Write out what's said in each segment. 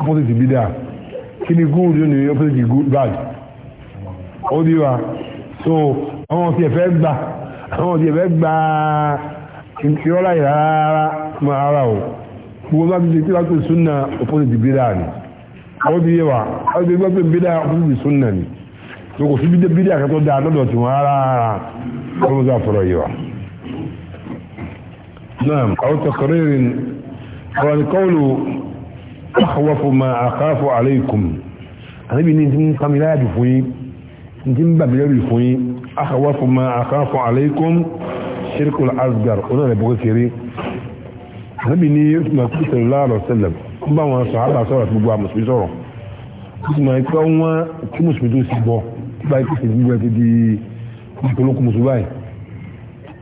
opposite be there, kí ni good You know, opposite good bad ó di wa so àwọn ti ẹ̀fẹ́ gbà àwọn ti ẹ̀fẹ́ gbà ìrọ́lá yìí rárá mọ́ ara o gbogbo bá ti di tí wàá pè súnà opposite bí dáa ni ó di wa ó di wọ́n pè be there? opposite súnà ni so kò sí bí dáa kẹtọ́ dáa lọ́dọ̀ tí wọ́n rárá ọmọ sáà fọ̀rọ̀ yìí wa. نعم أو تقرير قوله أخوف ما أخاف عليكم أنا بني نتم كاملات فوي نتم بملاب فوي أخوف ما أخاف عليكم شرك الأصغر أنا بقول كري أنا بني ما صلى الله عليه وسلم كما هو صحابة صلى الله عليه وسلم kuma ikpe wọn tí mùsùlùmí tó sì bọ bá ikú sì gbígbẹ ti di ìpolókù mùsùlùmí báyìí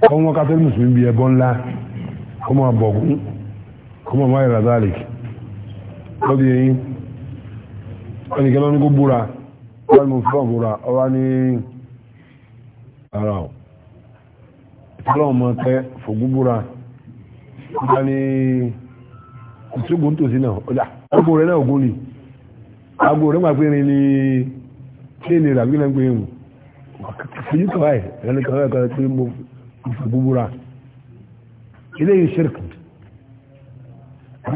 kọ́ wọn kátólì mùsùlùmí bí ẹbọ ńlá kọ́ wọn bọ̀gún kọ́ wọn máa yàrá dáàlì lọ́bí yìí ẹnìkan lọ́ní kó búra wọ́n ni mo fi bọ́ọ̀ búra ọwá ní ara ọ̀ ìtọ́lọ́ ọmọ tẹ fògú búra wọ́n ni ìtúgbò ń tòsí náà ọjà agbo ah, rẹ̀ náà ògùn ni agbo rẹ̀ máa péré ní kíni rà gbínà gbé ewu fìyí kọ́wáì ẹnìkan lọ́kọ̀ọ́ pé mo fògú búra ilé yìí ṣírkì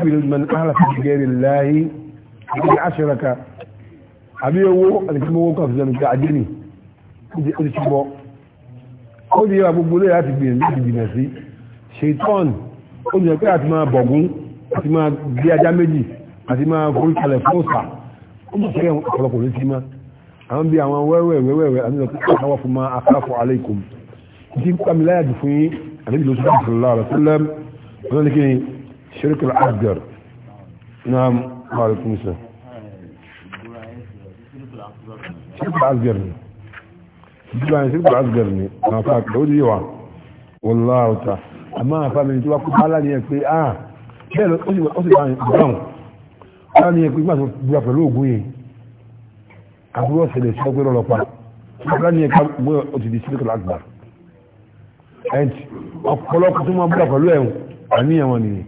àbí man ahla fi gẹ́rì láyé àbí aṣíraka àbí owó àdìsímọ́wó kan fi sẹ́nu pé ajé ni ó ti ṣubọ́ ó di yẹra gbogbo lẹ́yìn láti gbìyànjú láti gbìyànjú sí ṣètọ́n ó di yẹra pé àti máa bọ̀gún àti máa gbé ajá méjì àti máa forí kalẹ̀ fún òsà ó mọ̀ sẹ́yìn ọ̀pọ̀lọpọ̀ ló ti máa àwọn bí àwọn wẹ́wẹ́ wẹ́wẹ́ àmìlọ شرك الأصغر نعم وعليكم السلام شرك الأصغر ìjọba ẹ̀sìn gbà gẹ̀rẹ̀ ní àfa ó di wa wọlá ọ̀tá àmọ́ àfa mi tó wá kó bá láàrin ẹ̀ pé ah bẹ́ẹ̀ lọ ó sì bá yẹn gbọ́n láàrin ẹ̀ pé gbàtọ̀ búra pẹ̀lú ògùn yìí àbúrò ọ̀sẹ̀lẹ̀ sí ọgbẹ́ lọ́lọ́pa láàrin ẹ̀ ká gbọ́ ó ti di sílẹ̀kọ̀ lágbà ẹ̀ǹtì ọ̀pọ̀lọpọ̀ tó máa búra pẹ̀lú ẹ̀ àníyàn wọn nìyẹn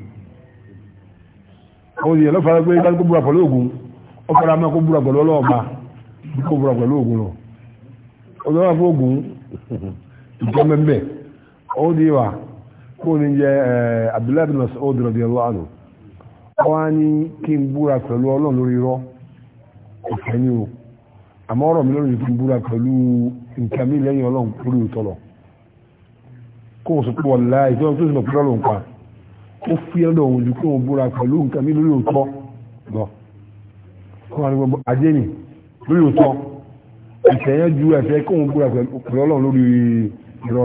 àwọn èèyàn lọ́fà pé bá kó búra pẹ̀lú ògùn ó fara mọ́ kó pẹ̀lú ọlọ́ọ̀ba bí kó pẹ̀lú ògùn lọ ó fún ògùn ìjọ di wa kó ní jẹ eh, Abdullahi bin Mas'ud radiyallahu ní kí n búra pẹ̀lú ọlọ́run lórí ìfẹ́ ó fi ọ̀dọ̀ òun jù kí wọ́n búra pẹ̀lú nǹkan mi lórí òótọ́ lọ kó wọn ní gbogbo ajé ni lórí òótọ́ ìfẹ̀yẹ́ ju ẹ̀fẹ́ kí wọ́n búra pẹ̀lú ọlọ́run lórí irọ́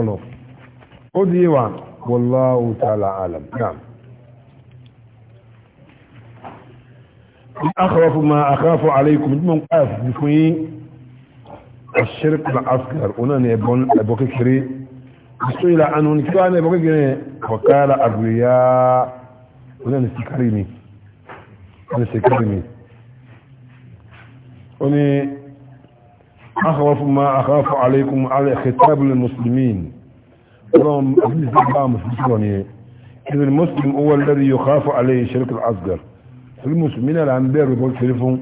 ó di wa wallahu ta'ala alam naam. أخاف ما أخاف عليكم من قاف بفين الشرك الأصغر أنا أبوك كريم ìṣòyìnlá ànú ní kíwá náà ìbọ̀gbẹ̀gbẹ̀ ọ̀kára àgbìyà onílẹ̀ síkárì ni onílẹ̀ síkárì ni ó ní akhawafu ma akhawafu alaykum ala khitab lil muslimin ọlọ́run àbílẹ̀ bá mùsùlùmí lọ ni إذا المسلم هو الذي يخاف عليه الشرك الأصغر المسلمين الأنبياء يقول شريفهم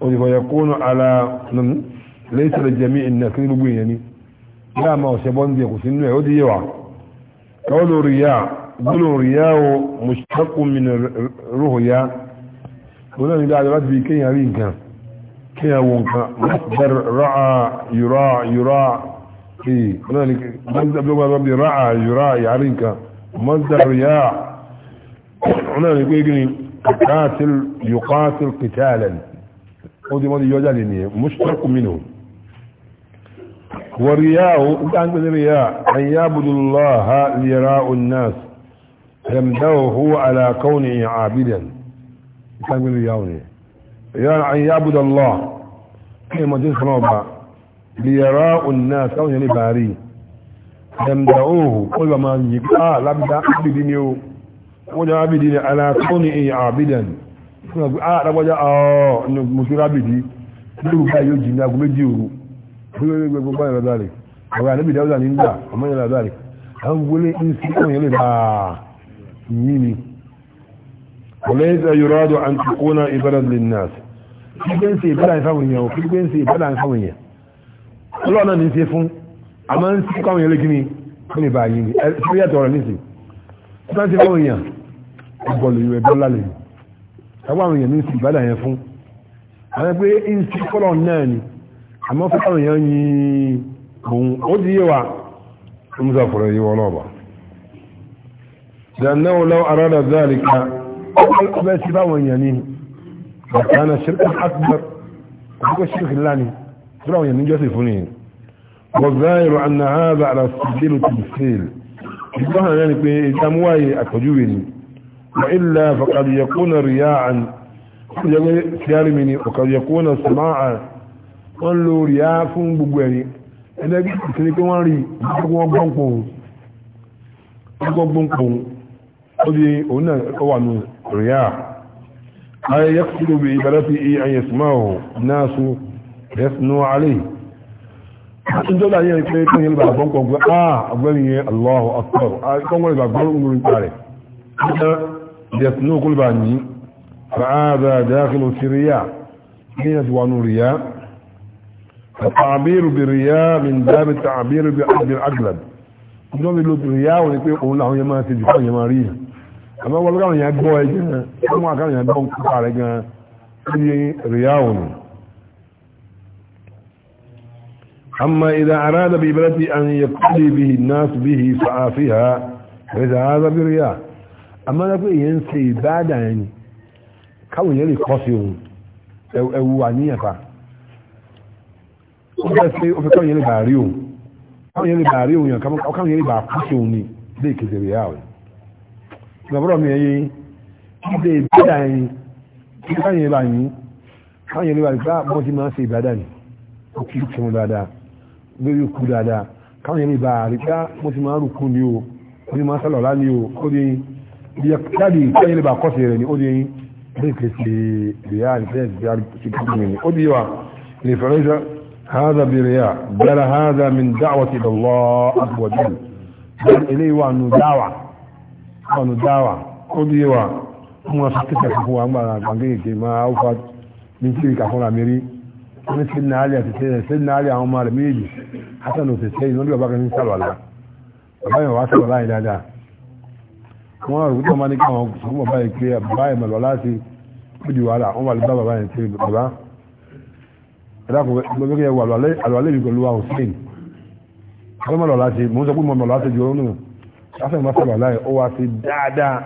ويكون على ليس لجميع الناس يعني yáà máa ọ̀sẹ̀ bọ́ ń bí ẹ̀kùsí nínú ẹ̀ ó di yé wa kọ́ọ̀lù rìyà gbọ́lù rìyà o mùsùlùmí mi nà rúhù yá wọn náà ní dáadáa láti fi kéèyàn rí nǹkan kéèyàn wọ nǹkan bẹ̀rẹ̀ rọ́à yùrọ̀ yùrọ̀ ee wọn náà ní dáadáa bí rọ́à yùrọ̀ yà rí nǹkan mọ́sàrì yá wọn náà ورياء انت رياء ان يعبدوا الله ليراء الناس يمدوه على كونه عابدا كان رياء يا ان يعبد الله كما جنس نوبا ليراء الناس او يعني باري يمدوه كل ما يقع لا بد عبدني وجا عبدني على كونه عابدا اه لا وجا اه مجرد عبدي لو جاي يجي ناغ مجيورو wíwé gbogbo báyìí lọ dáre ọ̀rọ̀ àníbi dáwọ́dà ní gbà ọmọ yẹn lọ dáre àwọn wọlé ní sí ọmọ yẹn lè bá yí ni. وليس يراد أن تكون إبرة للناس kí gbé ń ṣe ìbádà ìfáwọn èèyàn kí gbé ń ṣe ìbádà ìfáwọn èèyàn ọlọ́run náà ní ṣe fún a máa ń sí káwọn èèyàn lẹ́gbẹ̀ẹ́ ní fún ìbá yìí ní ẹ̀sùn yàtọ̀ ọ̀rọ̀ níṣì ní àmọ́ fún àwọn èèyàn yìí òun ó di yé wa ó mú sàfọ̀rọ̀ yìí wọn náà bá dànáwó lọ́wọ́ aráàlá záàlìkà ọbẹ̀ sí báwọn èèyàn ní bàtàna ṣirkùn akbar àkókò ṣirkùn láni tí báwọn èèyàn ní jọ́sìn fún ni wọ́záìrò àna ààbà àrà sídìlù wọ́n lo rìá fún gbogbo ẹ̀rí ẹlẹ́gbẹ́ ìkíní pé wọ́n rí wọ́n gbọ́n pòun wọ́n gbọ́n pòun ó di òun náà ó wà nù rìá ayé yẹ́kùtù bí ìbẹ̀rẹ̀ fi iye ayé sùmáwò náà sùn yẹ́sùnú alẹ́ ìjọba yẹn pé kí yẹn bàbá kọ̀ pé ah ọgbẹ́ni yẹn Allahu akbar akọ́gbọ́n ìgbà gbọ́n ń gbọ́n rẹ̀ ṣíkẹ́ kúlùbà ní fa'áàdà dákìlù sí ríyà ní yẹ̀sùwánú ríyà التعبير بالرياء من باب التعبير بالأجلب ìjọ́ mi lo ìyáwó ni pé òun làwọn yẹn máa ti jùkọ́ yẹn máa rí yẹn àmọ́ wọ́n lọ́wọ́ yẹn gbọ́ ẹ gan àwọn àkàrà yẹn gbọ́ أما إذا أراد بإبرتي أن يقضي به الناس به فعافيها فإذا هذا برياء أما نقول ينسي بعد يعني كون يلي قصيهم أو أو عنيفة ó bẹ́ẹ̀ ṣe ó fi káwọn yẹn lè bàá rí òun káwọn yẹn lè bàá rí òun yàn káwọn yẹn lè bàá kúṣe òun ni ilé ìkejì rẹ̀ yà wẹ̀. ìgbàgbọ́dọ̀ mi ẹyẹ ilé ìbílẹ̀ ẹyin kí káwọn yẹn bá yín káwọn yẹn lè bàá gbá bọ́n ti máa ń ṣe ìbádà ni ó kì í ṣe wọn dáadáa lórí ikú dáadáa káwọn yẹn lè bàá rí gbá bọ́n ti máa ń rúkú ni o ó ní máa ń sálọ̀ lá ni o ó di yàtàdì káwọn yẹn lè bàá kọ́sẹ̀ rẹ̀ ni هذا برياء بل هذا من دعوة إلى الله عز وجل بل إليه وأنه دعوة وأنه دعوة قضي وما ستكت هو أما عن ما أوفت من تلك أخونا أميري wani sinna hali a tsaye sinna hali àwọn mara méjì hasanu ta tsaye wani baba ganin salwala baba yawa wasu bala ila da kuma rubuta ma ni kan kuma baya kiriya baya malwala sai kudi wala umar baba baya tsaye baba ẹ̀dàkùn gbẹ́gbẹ́ wà àlùwàlẹ́ mi pẹ̀lú àwọn spain wọ́n mọ̀ lọ́la ṣe mò ń sọ pé mo mọ̀ lọ́la ṣe ju ọ̀run nù láfẹ́ mọ́ sábà láì ó wá sí dáadáa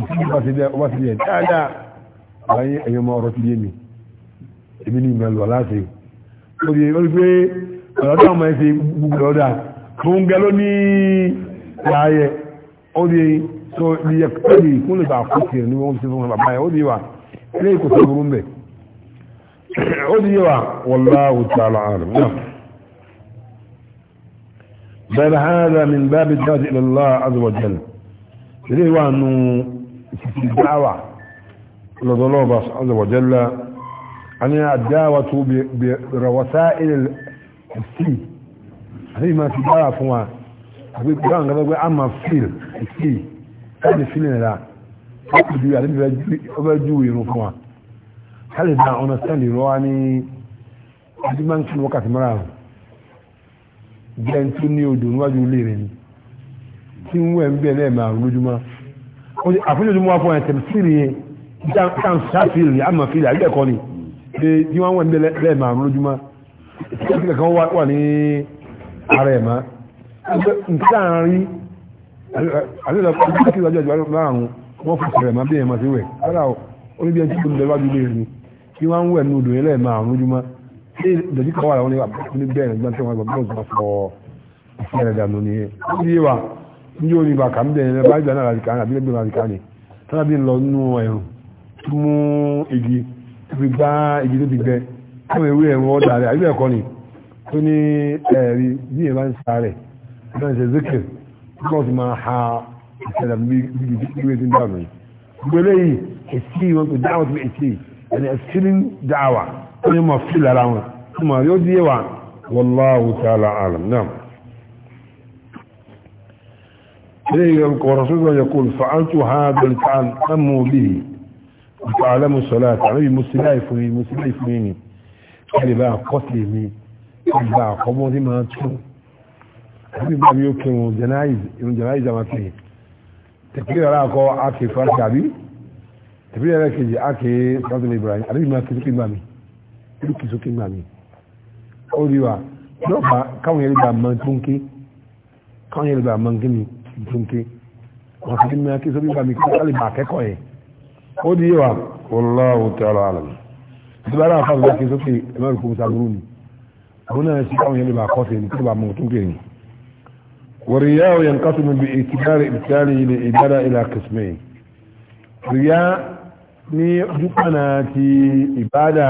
ìṣẹ́jú bá ti dẹ́ ó wá sí dẹ́ dáadáa láyé ẹ̀yọ́ mọ́ ọ̀rọ̀ ti yé ni ìmọ̀ lọ́la ṣe ó di ó di pé ọ̀rọ̀ so ni kúnlẹ̀ bá kó tiẹ̀ ní wọ́n ti fún bàbá yẹn عليا والله تعالى عالم نعم بل هذا من باب الدعوة إلى الله عز وجل ليه وأنه في الدعوة لله عز وجل أن الدعوة بوسائل السي هذه ما فما تدعوا كان قد يقول أما السيل السي هذا السيل لا أقول يا ربي أبجوه ينفوه kálí náà ọ̀nà sẹ́ndì rọ́wá ní adúmọ̀nkì wákàtí mara hàn jẹ́ ń tún ní odò níwájú ilé rẹ̀ ni tí ń wẹ̀ ń bẹ̀ lẹ́ẹ̀mà lójúmọ́ àfojúdúmọ́ wá fún ẹ̀ tẹ̀m sí rèé dáhùn sáfìlì rèé àmọ̀ fìlì àríkẹ́ kọ́ ni pé tí wọ́n wẹ̀ ń bẹ̀ lẹ́ẹ̀mà lójúmọ́ ìtẹ́kẹ́ kan wà ní ara ẹ̀ mọ́ nǹkan àárín àlejò àti ìwájú àjọ márùn-ún wọ́n fún ìṣẹ̀rẹ̀ mọ́ bí ẹ̀ mọ́ sí wẹ̀ rárá o ó ní bí ẹni tí kò ní lọ́wọ́ tí wọ́n ń wẹ̀ ní odò yẹn lẹ́ẹ̀mọ́ àrùn ojúmọ́ ṣé ìdọ̀jú kan wà láwọn ní bẹ́ẹ̀ nígbà tí wọ́n gbà bọ́ọ̀sì máa ìfẹ́ rẹ̀ dànù ni ó yé wa ní yóò ní kà ń bẹ̀rẹ̀ rẹ̀ báyìí gbàná àdìkà ní àbílẹ̀ gbẹ̀rẹ̀ àdìkà ni tọ́lá bí ń lọ nínú ẹ̀rùn tó mú igi tó fi gbá igi tó fi gbẹ káwọn ewé ẹ̀ bá ń rẹ̀ bá ẹni ẹ̀sìrín dáwà ó ní mọ̀ sí lára wọn ó mọ̀ yóò díẹ̀ wà wallahu ta'ala alam náà إليه ورسوله يقول فعلت هذا الفعل أمو به وتعلم الصلاة عليه مسلايف مسلايف مني قال بقى قتلي مي قال بقى قبوضي ما تكون حبيب أبي يكرم جنائز يوم جنائز ما فيه تكبير على قوة عاكي فرق عبي tẹ̀bí ẹ̀rẹ́ kejì ákè sọ́dún Ibrahim àdébí máa kìsókè gbà mí ìlú kìsókè gbà mí ó rí wa lọ́pàá káwọn yẹn gbà máa tún káwọn yẹn gbà máa ń ké mi tún ké wọn kí sókè gbà mí kí wọ́n akẹ́kọ̀ọ́ yẹn ó rí wa Wallahu ta'ala alam ìdílé ara àfáà lọ́wọ́ kí sókè ẹ̀mẹ́rin kò sábúrú ni àwọn náà sì káwọn yẹn lè bá akọ́sẹ̀ ní kí wọ́n bá máa tún ké yẹn. ورياه ينقسم قسمين رياء ní dúkànà ti ìbádà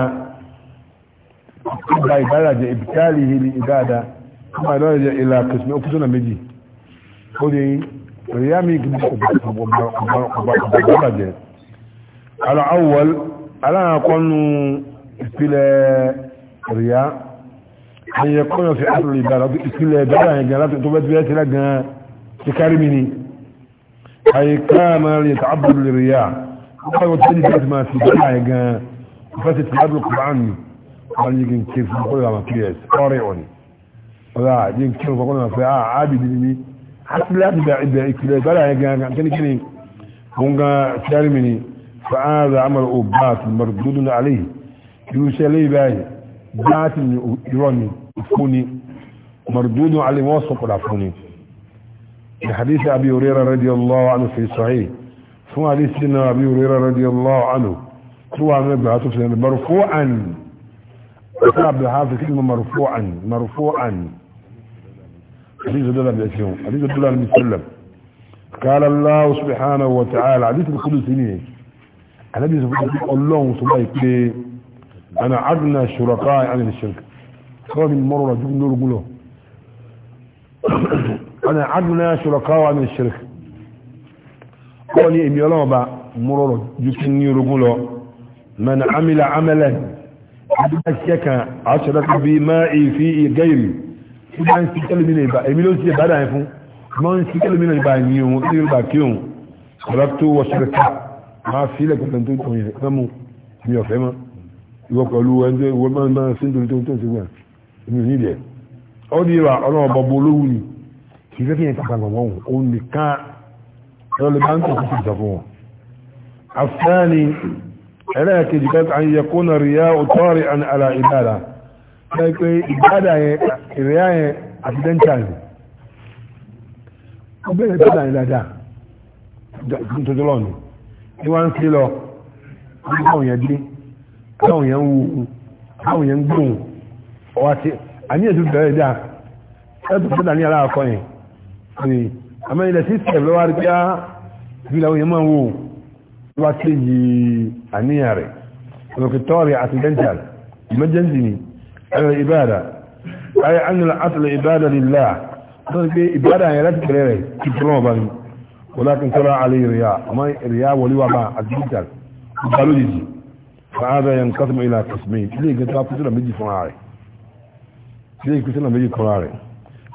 ìgbà ìbádà jẹ ìbítàlì ìhìlì ìbádà kuma lọ́rọ̀ jẹ ìlà kìsìmí ó kúsọ́nà méjì ó lè ríyá mi kìí ọgbàgbà jẹ aláwọ̀l aláàkọ́nù ìpìlẹ̀ ríyá ayẹ kọ́nà fi àtúrò ìbára ìpìlẹ̀ ìbára yẹn gan láti tó bẹ́ tiẹ́ tiẹ́ gan ti kárí mi ni ayẹ káàmà lè ta àbúrò ríyá báwo tí nígbà tí máa fi bá àyè gan ìfẹ́sẹ̀ tí lábẹ́ kùrán ni wọ́n ní kí n ké fún kọ́lá àwọn ps ọ̀rẹ́ ọ̀nì ọ̀rẹ́ àdé ń ké fún kọ́lá àwọn pé àábì ní ní àti láti bẹ ibẹ̀ ìpìlẹ̀ ìbára àyè gan kíníkíní òun gan tíárì mi ni fa'áàrà amọ̀rọ̀ òbá àti mọ̀rọ̀dúdú ní alẹ́ irúṣẹ́ lẹ́yìn báyìí báàtì ni irọ́ ni ìfúnni mọ̀rọ̀dúdú abi hurairah radiyallahu anhu fi sahih هو عليه سيدنا ابي هريرة رضي الله عنه هو عن ربي عطفه يعني مرفوعا هذا كلمة مرفوعا مرفوعا حديث الدولة بأسهم حديث الدولة المسلم قال الله سبحانه وتعالى حديث القدسيني النبي صلى الله عليه وسلم قال انا عدنا شركاء عن الشرك هو من مرة جبن نور قوله انا عدنا شركاء عن الشرك kọ́ ní èmi ọlọ́ọ̀ba múrọ̀rọ̀ ju kí ní orogún lọ mẹ́nà amílà amẹ́lẹ̀ adúgbà ṣiṣẹ́ kan aṣọ́dá tó bí má èéfì ìgẹ́yìrì tí bá ń ṣe kẹ́lẹ́mì lè bá èmi ló ṣe bá dà fún mọ́ ń ṣe kẹ́lẹ́mì lè bá yín òun kí lè bá kí òun ọ̀rọ̀ tó wọ ṣẹlẹ̀ká máa fi ilẹ̀ pẹ̀lú tó tọ̀ yẹn fẹ́ mu mi ò fẹ́ mọ́ ìwọ pẹ̀lú ẹgbẹ́ tó ń tó ń lọ́lẹ̀ bá ń tẹ̀ sí ìjà fún wọn afẹ́ni ẹlẹ́ẹ̀kejì kan an yẹ kó na ríyá òtọ́rì an ala ìbára ṣe pé ìbára yẹn ìrìyá yẹn àtidẹ́ntàlì ó bẹ̀rẹ̀ tó dàn dáadáa nítorí lọ́nà ní wọ́n ń sí lọ ní káwọn yẹn dé káwọn yẹn ń wo káwọn yẹn gbóhùn ọwọ́ àti àníyàn tó bẹ̀rẹ̀ dáa ẹ̀ tó fẹ́ dà ní aláàkọ́ yẹn àmọ́ ilẹ̀ system lọ́wọ́ àrígbá bí làwọn èèyàn máa wò wá sí yìí àníyàn rẹ̀ lọ́kítọ́rì accidental emergency ni ẹ̀rọ ìbáàdà ayé anil atala ìbáàdà lílá lọ́nà pé ìbáàdà yẹn láti tẹ̀lé rẹ̀ kí tọ́lọ́ ọba ni wọ́n láti tọ́lọ́ alẹ́ ìrìyà àmọ́ ìrìyà wọlé wà bá accidental ìbálòjì fàáza yẹn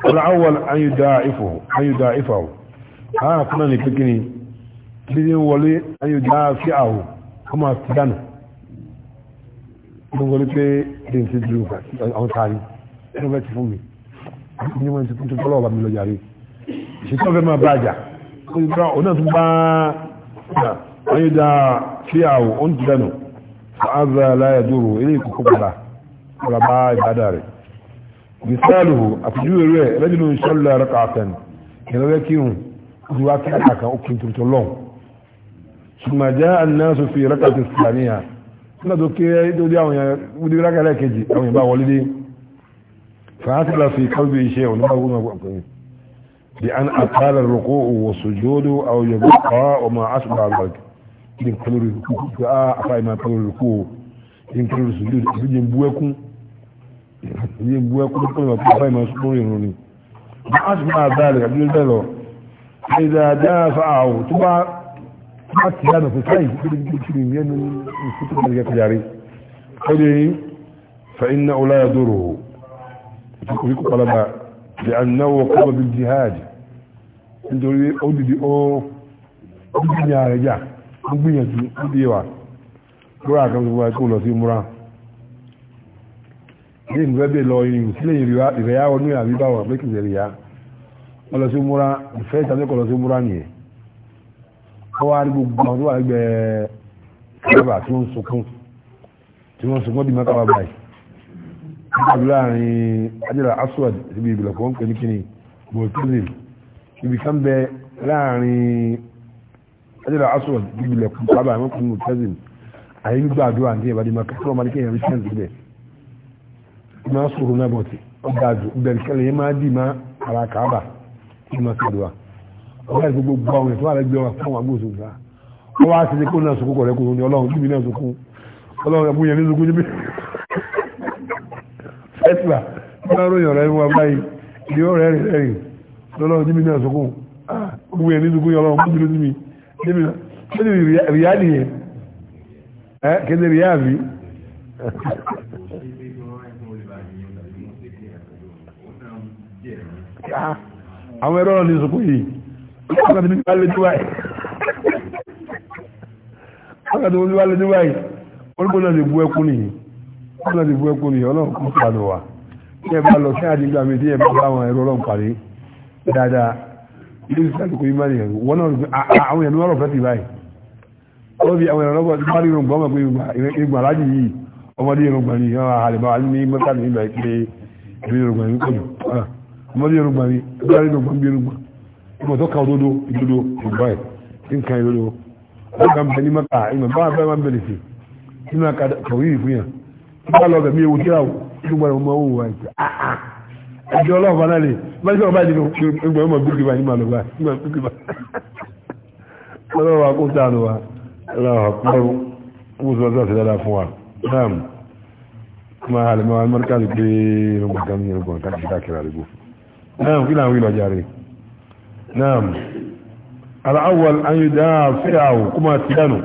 الأول أن يدائفه أن يدائفه ها كنا نفكني بذن ولي أن يدافعه كما استدانه wọ́n wọlé pé ẹ̀yìn ti dúró àwọn tààrí ẹ̀rọ bẹ́ẹ̀ ti fún mi ní wọ́n ti fún tó tọ́lọ́ ọba mi lọ yàrí ìṣètò ọ̀fẹ́ máa bá àjà òun náà tún bá wọ́n yóò dá sí àwọ̀ òun ti dànù fún azà láyà dúró eléyìí kókó padà ọ̀rọ̀ bá ìbádà rẹ̀ misaluhu àpèjúwe rẹ̀ rẹ́jìnà ìṣọ́lá rẹ̀ kàtàn ìrẹ́rẹ́ kírun ojú wa kí àkà òkè tuntun lọ́n ṣùgbọ́n jẹ́ ànínáṣọ fi rẹ́kà ti sàníyà nígbà tó kéré tó dé àwọn èèyàn wúdí rẹ́kà lẹ́ẹ̀kejì àwọn èèyàn bá wọlé dé fàásìlà fi kábíbi iṣẹ́ òní bá wúmọ̀ ọkùnrin bí an àtàlà rọ̀kọ́ òwò sòjòdó àwọn yòókù kọ́ ọmọ àṣùgbà àgbàg ìdínkẹlórí rùkú iye bu ẹkú pé wọn kó báyìí máa sún lórí ìrún ni bá sì máa bá rẹ̀ abúlé bẹ́ẹ̀ lọ ìdá dá fa àwò tó bá bá ti dáná fún sáyìn tó ti di kiri ní ẹnu ìfún tó bẹ̀rẹ̀ kẹfì yàrí ó lè yín fa iná ọlá ya dòrò ó kò rí kó palaba di anáwó kọ́bọ̀ bí jihad nítorí ó dìde ó ó gbìyànjú rẹ̀ jà ó gbìyànjú ó di wa bóra kan tó bá kó lọ sí múra ní ìlú ẹgbẹ́ lọ irun sílẹ̀ ìrẹ̀yà ọdún yà bí báwọn àbẹ́kì ìrẹ̀yà wọ́n lọ sí múra ìfẹ́ ìtàlẹ́kọ̀ lọ sí múra nìyẹn wọ́n wá rí gbogbo àwọn tó wà lẹ́gbẹ́ kábà tí wọ́n sunkún tí wọ́n sunkún bí mẹ́kàwá báyìí níbi láàrin ajẹ́lá aswad ibi ìbílẹ̀ kọ́ ń pè ní kíni bọ̀tízìm ibi kan bẹ láàrin ajẹ́lá aswad ibi ìbílẹ̀ kọ́ kábà ń pè ní bọ̀tízìm àyè gbàdúrà ní ìbàdí mẹ́kà tí wọ́n máa ní kéèyàn rí máa sòrò náà bọ̀tì ọgbà àjò ìbẹ̀rẹ̀kẹ́lẹ̀ yẹn máa dì má ara kàábà tí máa ṣe àdúrà ọgbà àti gbogbo àwọn ètò àrẹ gbé wa fún àwọn agbóhùn sọ̀rọ̀ wọ́n wá sí kó náà sọkún kọ̀rẹ́ kó ní ọlọ́run jùmí náà sọkún ọlọ́run ẹ̀mú yẹn ní sọkún jùmí ẹ̀sìlá bá ròyìn ọ̀rẹ́ wọn báyìí ìdí ọ̀rẹ́ rẹ̀ rẹ̀ ọlọ́run mú jùlọ náà ṣé àwọn ẹ̀rọ ọ̀nà ìsìnkú yìí ọkàtí ní wà lójú báyìí ọkàtí ní wà lójú báyìí olùkọ́ náà ti bú ẹkún nìyí wọ́n náà ti bú ẹkún nìyí ọlọ́run kún pàdé wa tí ẹ bá lọ sí àti gbàmí tí ẹ bá bá àwọn ẹ̀rọ ọlọ́run pàdé dáadáa ilé ìsìn àti kòyí máa nìyẹn wọ́n náà ah, ah, àwọn ẹ̀rọ ọlọ́run fẹ́ ti báyìí wọ́n fi àwọn ẹ̀rọ ọlọ́run bá nínú gbọ́mọ̀ pé ìgbà yìí ọmọdé ọmọ bí yorùbá rí ẹgbẹ́ rí yorùbá bí yorùbá ìmọ̀ tó ka òdodo ìdodo yorùbá ẹ̀ nǹkan ìdodo ọgbà mbẹ ní maka ìmọ̀ bá bẹ́ẹ̀ máa ń bẹ̀rẹ̀ sí i nínú aka kàwé yìí fún yà nígbà lọ bẹ̀ mí ewu tíra o nígbà lọ mọ owó wa ẹ̀ ah, ah. ẹjọ́ ọlọ́ọ̀fà náà lè bá ṣe ọba ìdìbò ìgbà ọmọ gbígbé bá nígbà lọ́gbà nígbà gbígbé bá ọlọ́wà kó sáà lọ́wà ọlọ́wà kọ́rọ̀ mùsùlùmí sọ́ọ̀sì dáadáa fún wa náà máa halẹ̀ máa mọ́ríkà lè gbé ọgbọ̀n kan ní ọgbọ̀n kan kìí dákẹ́rẹ́ àdúgbò نعم كلا ويلو جاري نعم الأول أن يدافعه كما تدانو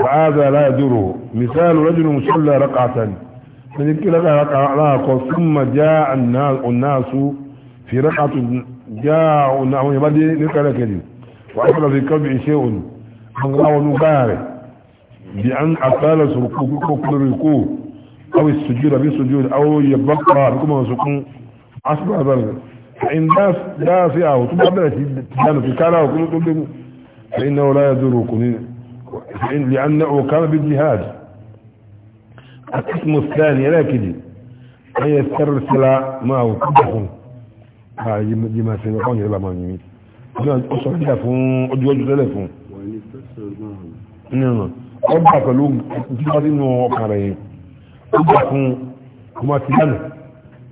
وهذا لا يدره مثال رجل مصلى رقعة من كلا رقعة ثم جاء الناس, في رقعة جاء الناس يبدي لك دي وأصل في قلبه شيء من الله نقاره بأن أطال سرقوه أو السجود بسجود أو يبقى بكم سكون asúgbà àbẹ̀rẹ̀ ẹ̀yìn dáàsí àwọ̀ tó bá bẹ̀rẹ̀ sí dánù fi kára òkú tó dégún ẹ̀yìn náà láyé dúró kò ní ẹ̀yìn lè án náà òkà bí jihad akísmù sẹ́ni ẹlẹ́kìdì ẹ̀yẹ sẹ́rẹ̀sẹ́lá máa wò kú dàkún ààyè jìmà sí ọkọ̀ yẹn lámà yìí ó sọ fíjà fún ojú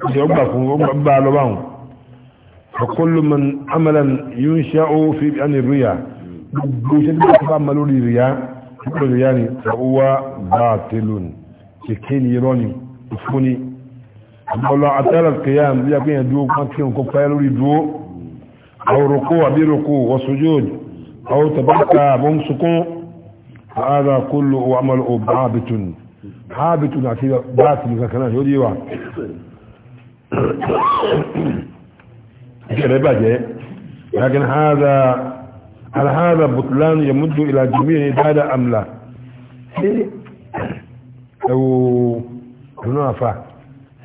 ọgbà fún ọgbà bá lọ́wọ́ àwọn ọkọlù mọ̀ amalan yóò ṣe ó fi ẹni ríyà gbogbo iṣẹ́ tí wọ́n bá ma lórí ríyà lórí ríyà ni ọwọ́ bá tẹ́lù ní kèké ni irọ́ ni ìfúnni ọlọ́ àtẹ́lẹ̀ kìíyà bí a gbìyànjú dúó kan kí n kó pẹ́ lórí dúó àwọn rukú àbí rukú wọ́n sujúd àwọn tàbátà àbọ̀ ń sunkún ààrẹ kúlù ọmọ ọba àbìtùn àbìtùn àti bá àtìlù kankanáà yóò díwà كده بقى لكن هذا هل هذا بطلان يمد الى جميع العباده ام لا لو نافع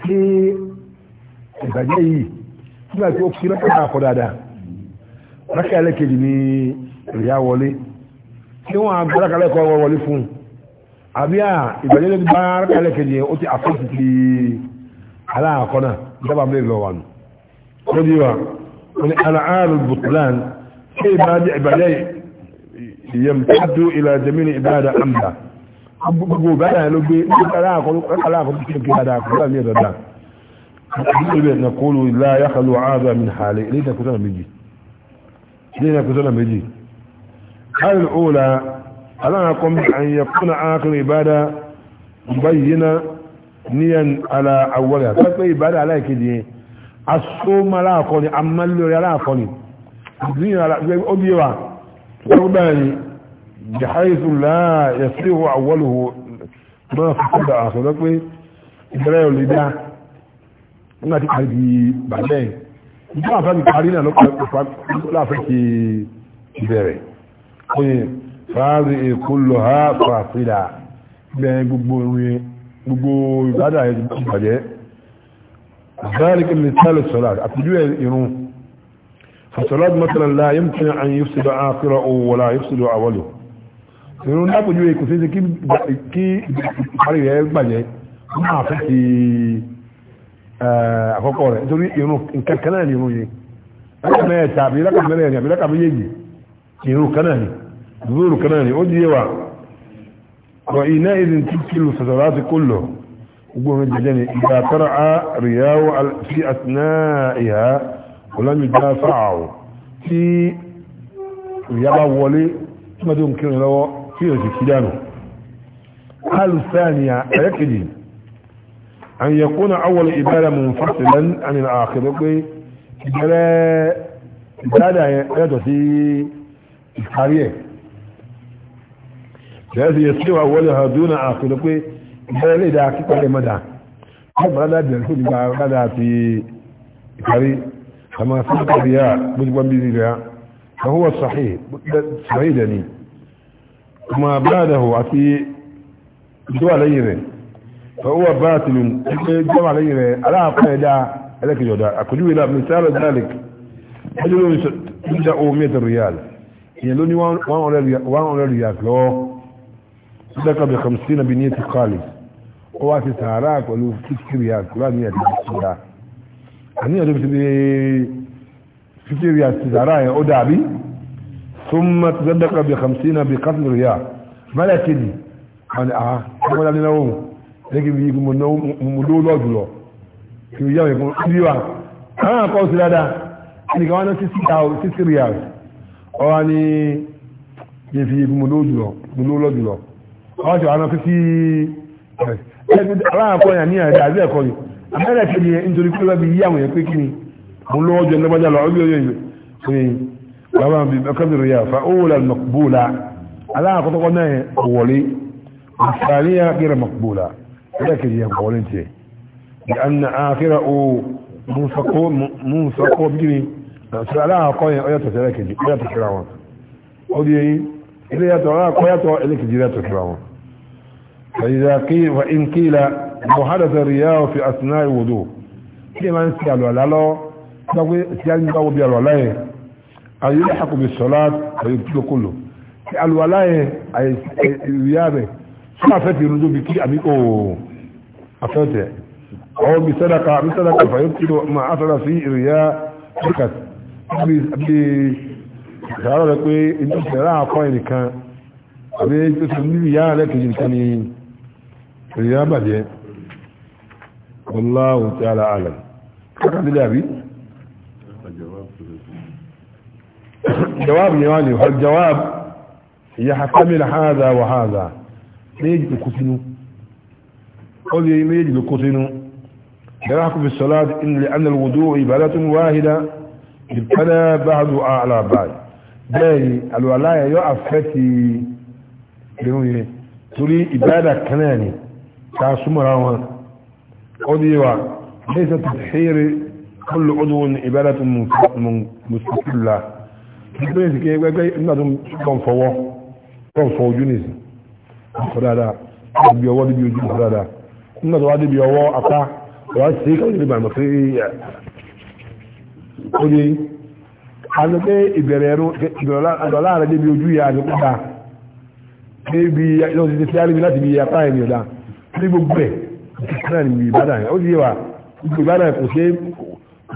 في ìbàjẹ́ yìí nígbà tí ó fi rákàtà akọ dáadáa rákà ẹlẹ́kejì ní ìyá wọlé tí wọ́n á rákà ẹlẹ́kọ̀ wọlé fún àbí à ìbàjẹ́ ló ti bá rákà ó ti àfọ́sì ti aláàkọ́ náà dábàá mi lọ wà nù ó di wa ó ní aláàrù bùtùlán ṣé ìbáde ìbàdẹ yamtaddu ila jamini ìbáda àmdà gbogbo ìbáda yẹn ló gbé kálá àkọ́kọ́ kí n kí dáadáa kó bá mi rẹ̀ dáa ibẹ̀ na kóòlù ilá yákàlù àádọ́ min hàlẹ̀ ilé ìtàkù sọ́nà méjì ilé ìtàkù níyàn ala awọ́lẹ̀ pẹ́pẹ́ ìbádà aláìkejì yẹn asómọ́ aláàkọ́ni amálórí aláàkọ́ni obíwa gbẹ́gbẹ́ni jahaisu láàyẹ̀ sí ìwọ̀ awọ́lùwò náà fọ́kọ́dà àṣọ́lọ́ pé ìbẹ̀rẹ̀ olùdá nígbà tí kàrí bàbẹ́ ìjọ́ àfẹ́ mi parí náà lọ́pàá fi ìbẹ̀rẹ̀ oye fàázi èkó lọ́ha fàásílà bẹ́ẹ̀ gbogbo orin gbogbo ìbádà ẹ̀ bàjẹ́ ذلك المثال الصلاة أتجوه إنه فالصلاة مثلا لا يمكن أن يفسد آخره ولا يفسد أوله إنه لا أتجوه كثيرا كي بحرية بجي ما فكي أفكره إنه إنه إن كان كنان إنه يجي أنا ما يتعبي لك مريني أبي لك أبي يجي إنه كناني ذور كناني أجي يوان وإنئذ تبكي الفترات كله يقول الجنة إذا ترعى رياو في أثنائها ولم يدافعوا في رياض أولي ثم دون كيرون لو في الكيدان قالوا الثانية أيكدي أن يكون أول إبادة منفصلا عن الآخر إبادة إبادة في الكارير jẹ́sì yẹ síwá wọlé ọdún àkùnrin pé ìbẹ̀rẹ̀ lè dá kíkọ́ lè mọ́dá ọgbọ̀n aláàbẹ̀rẹ̀ fún ìgbà rádá àti ìkárí àmà síkàríyà gbogbo bí rẹ̀ ọwọ́ sàáyì dẹ̀ ni kuma báadàwò àti ìjọba lẹ́yìn rẹ̀ ọwọ́ báàtìlù ẹgbẹ́ ìjọba lẹ́yìn rẹ̀ aláàpẹ́ ẹ̀dá ẹlẹ́kẹjọdá àkójúwé náà misal dalek ẹjọ́ lórí ìjọba omi ẹ̀tẹ̀ rìal ìyẹn ló ní 100 rìal lọ́wọ́ صدق بخمسين بنية خالد قوات سهراك ولو فكريات قرآن نية السهراء هنية لو فكريات سهراء أدابي ثم تصدق بخمسين بقتل رياء ملكني أنا آه كما لن نوم لكن بيجي من نوم مدو لوجلو kí ìyá rẹ̀ fún ìdíwà àwọn àkọ́ sí dáadáa nìkan wọ́n ní sísí ríàl ọwá ní yẹ fi yẹ fi mú lóòjùlọ wọ́n ti wà lọ sí aláàkọ́ yà ní àrẹ àbí ẹ̀kọ́ yìí amẹ́rẹ̀ kejì yẹn nítorí pé wọ́n bí yí àwọn yẹn pé kí ni mo lọ́wọ́ jẹ lọ́gbọ́jà lọ ọdún yóò yẹ ṣe bàbá mi kọ́bìrì yà fa óòlà mọ̀kúbóòlà aláàkọ́ tọ́kọ́ náà yẹn wọlé ìfàlẹ́ yà kéré mọ̀kúbóòlà ẹ̀rẹ̀ kejì yẹn wọlé tiẹ̀ ní ilé yàtọ̀ ọ̀rọ̀ àkọ́yàtọ̀ ẹlẹ́kìjì yàtọ̀ síra wọn فإن قيل محدث الرياء في أثناء الوضوء كما نسأل ولا لا سيال نباو بي الولاء أن يلحق بالصلاة ويبتل كله الولاء أي ريابه سوى فتي رجوع بكي أبيكو أفتي أو بصدقة بصدقة فيبتل ما أثر فيه الرياء فكت ìṣàrọ̀ rẹ̀ pé inú ìṣẹ̀rá àkọ́ ìnìkan àbí tó ti ní ìyá rẹ̀ kejì nìkan ni ìrìnà bàjẹ́ wallahu ta'ala alam kákàndínlẹ̀ àbí jawab yawani hal jawab ya hakamil hadha wa hadha méjì ló kó sínú ó lè méjì ló kó sínú يراك في الصلاة إن لأن الوضوء عبادة واحدة ابتلى بعض أعلى بعض bẹ́ẹ̀ni àlùwàlá yẹn yọ àfẹ́tì ìrun yẹn torí ìbáàdà kanáà ni ká súnmọ́ra wọn ó di wa lẹ́sẹ̀ tàbíhìrì kọlu ọdún ìbáàdà tó mùsùlùmá nítorí sì kéé gbẹgbẹ nígbà tó kàn fọwọ́ kàn fọ ojú nìsí kọ dáadáa níbi ọwọ́ níbi ojú kọ dáadáa nígbà tó wá débi ọwọ́ apá wàá sí kàwé àti pé ìbẹ̀rẹ̀ ẹ̀rọ ìdọ̀lá rẹ̀ débi ojú ìyá àti púpà débi ìyọ́ ti ti fi àríbi láti bi apá ẹ̀mí ọ̀dà ní gbogbo ẹ̀ ti kí náà níbi ìbàdàn ó ti yé wa gbogbo ìbàdàn kò ṣe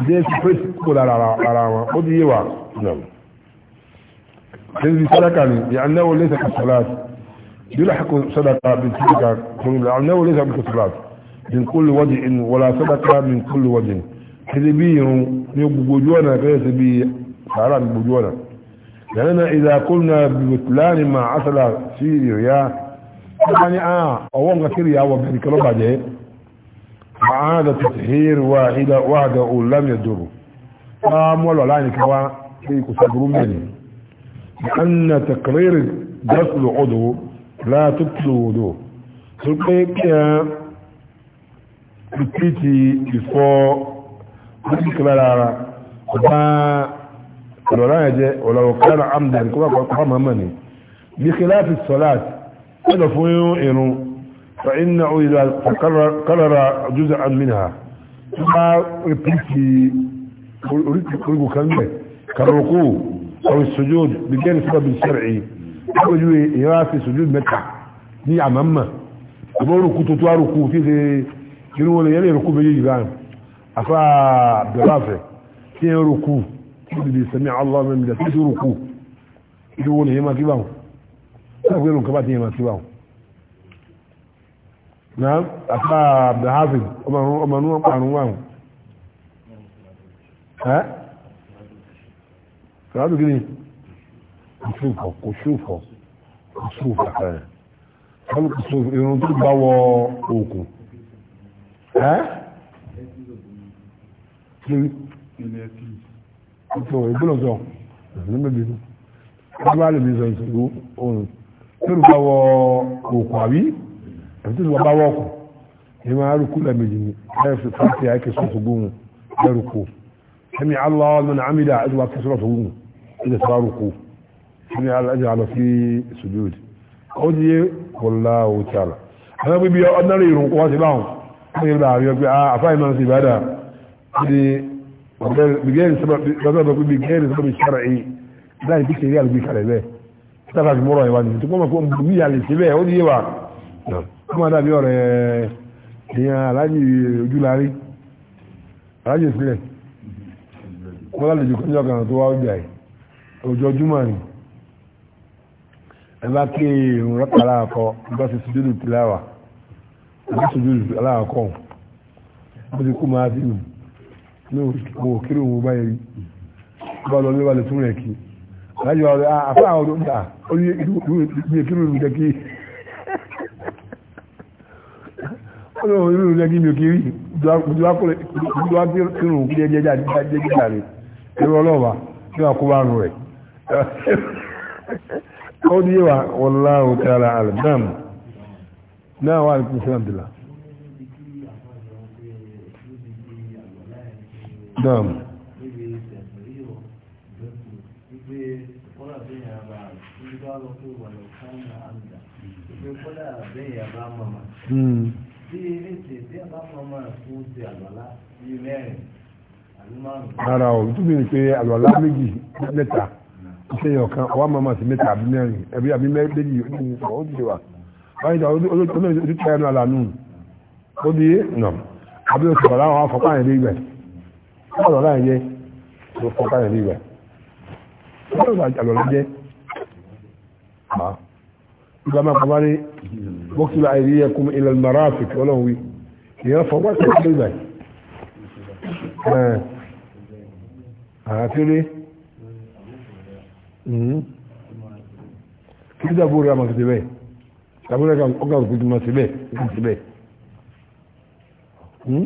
dé ti pé kò lára wọn ó ti yé wa débi sọ́dáka ni ìyànnáwó lẹ́sẹ̀ kò sọ́láàtì yóò lọ́kọ̀ sọ́dáka bí tíkà kò ìyànnáwó lẹ́sẹ̀ kò sọ́láàtì min kulli wajhin wala sadaqa min kulli wajhin kidi bi yun ni gbogbo ojú ọ̀nà sàárà ní gbogbo ọ̀nà lẹ́nà ìdàkúnnà bìbùtùláàni ma asàlà sí ìrìyà wọ́n ní àà ọwọ́ nǹkan sí ìrìyà wọ bẹ̀rẹ̀ kọlọ́ bàjẹ́ àádọ́ tẹ̀síhìr wà ìdá wàdà òlámìyà dòrò wọ́n mú ọlọ́ láàrin káwá sí kò sàbúrú mẹ́rin anna takrir gaslu odo la tutlu odo tó pé kí a repeat ìfọ́ wọ́n ti kí lára ọba ọ̀lọ́lá yẹn jẹ́ ọ̀lọ́wọ́ kára amdan kó bá kọ́ kọ́ mọ́ ní bí kíláàfi sọ́láàt ẹ̀dọ̀ fún irun fa iná òyìnbá kárára jùzọ àmìnà bá rìpìtì orígun kan bẹ̀ karoko ọ̀rọ̀ sojúd bí gẹ́rì sọ́rọ̀ bí sẹ́rẹ̀ lójú ìyára fi sojúd mẹ́ta ní àmàmà ìbọn rúkú tó tó àrùkú tí ṣe irun wọlé yìí báyìí afá bẹ̀rẹ̀ àfẹ́ tí ìdìdì sami allah mẹ́mìlá tí ó rúkú ìdí wọn èyí máa kíbáwọn sáàkó ìrùn kaba ti yẹ máa kíbáwọn na àpá abdulhafiz ọmọ níwọ̀n pàrún wà wọn ẹ́ sàrádù kí ni kòsúfọ̀ kòsúfọ̀ kòsúfọ̀ tó ìgbóná sọ ní bẹ́ẹ̀ bínú wọ́n bá lè bí sọ ìṣòro òun tó lù bá wọ òkú àbí àti tó lù bá wọ ọkù ní máa rú kú lẹ́ẹ̀mejì ní ẹ̀rọ fi fàtí àìkè sọ̀tò gbóhùn ẹ̀rù kù ẹ̀mí aláwọ̀ ọ̀nà àmìdá ẹ̀rù wà kí sọ̀tò gbóhùn ẹ̀jẹ̀ sọ̀rọ̀ rú kù ẹ̀mí alájà lọ sí sùdúrù ó ti yé kọlá òkè àlà àwọn gbígbé ọ̀nà rẹ̀ ìrùn kọ́ wá sí báwọn ah, ó yẹ بغير سبب بغير سبب شرعي لا يبيك ليه على بيك على بيه تبع في مرة يوان تقوم أكون بيه على السبيه ودي يوا كما دا بيور يا راجي جولاري راجي سلي ولا لجو كنجو كان توا وجاي ọjọ́ júmọ̀ ni ẹ bá kí irun rọ́pà aláàkọ́ bá ṣe sùdúdù tìláwà bá ṣe sùdúdù aláàkọ́ bó ti kú máa sí nù ní òwò kiri òwò báyìí rí bá lọ lọ́wọ́ lè tún rẹ̀ kí láyé wà rẹ̀ àfẹ́ àwọn ọdún dà ah, ó ní ìdíje kiri òwò jẹ́ kí ó ní òwò ìrìn jẹ́ kí mi ò kiri ìdúwà kiri òwò kiri ẹjẹ́ jáde jáde ẹ̀rọ ọlọ́wà ní àkóbá rẹ̀ ó ní wà wọ́n láwọ́ tẹ́ra àlùbẹ́m náà wà ní kùsùn àbdùlá Naam. Rárá o, tó bìí pé àlọ́lá méjì mẹ́ta, iṣẹ́ yọ̀ kan, ọwá máa sí mẹ́ta àbí mẹ́rin, ẹbí àbí méjì ó ti wà. Báyìí tó olóòtú ẹnu àlànú, ó di nà, àbí oṣù bàbá wọn fọ́pá yẹn dé ibẹ̀ ọ̀rọ̀ náà yẹ ló fọ́ káyọ̀ ní ìwẹ̀ ọ̀rọ̀ náà àlọ́ lọ́jẹ́ ìgbà máa kọ́ bá ní bókítì láì rí ẹkùn ilẹ̀ marafik ọlọ́run wí ìyẹn fọ́ wá sí ìlú ìgbà àtúrí hmm. kí ló dàbò rẹ̀ àmọ̀ sí bẹ́ẹ̀ dàbò rẹ̀ ọgá òkú tó sí bẹ́ẹ̀ hmm.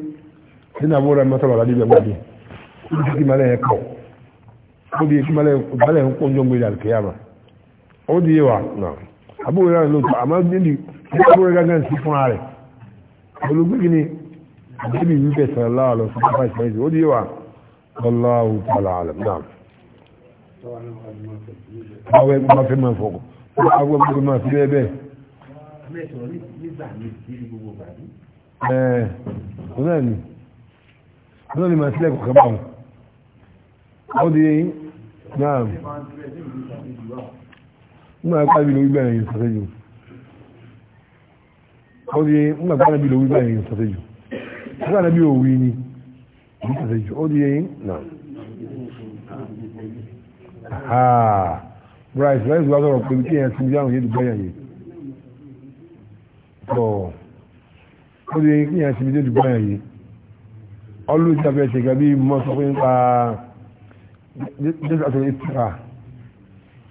nínú àwọn ọ̀rẹ́ mọ́tọ́rọ̀ aládé ìgbà gbàdé ó ti kí malẹ̀ ẹ̀kọ́ di kí malẹ̀ ẹ̀kọ́ ń jọ gbé ìdàlù kìyàmà ó di yé wa àbúrò rẹ̀ lóòótọ́ àmọ́ níbi àbúrò rẹ̀ gángan sí fún ààrẹ olùgbé kí ni àbíbi wípé sọ̀rọ̀lá lọ sí pápá ìsọ̀rọ̀ ìsọ̀rọ̀ ó di yé wa lọ́láhù tààlà àlẹ̀ náà. àwọn ẹgbẹ́ máa fẹ́ máa fọkọ̀ àwọn ẹgbẹ́ máa fi bẹ́ẹ̀ bẹ́ẹ̀ ẹ̀ẹ́ ọ̀nà ni màá sílẹ̀ kọ̀ọ̀kan báwọn ó di náà nígbà pàdé bí lórí bẹ̀rẹ̀ yìí sọ́tẹ́ jù ó di nígbà pàdé bí lórí bẹ̀rẹ̀ yìí sọ́tẹ́ jù nígbà bí òwì ni yìí sọ́tẹ́ jù ó di náà ha bryce bryce wá sọ̀rọ̀ pé kí ẹ̀yàn sinmi àwọn yéèdù gbọ́yà yìí tọ́ ó di kí ẹ̀yàn sinmi ọlú ìtàfẹ́ ṣe gàbí mọ́ sọ pé nípa jésù àti ìtura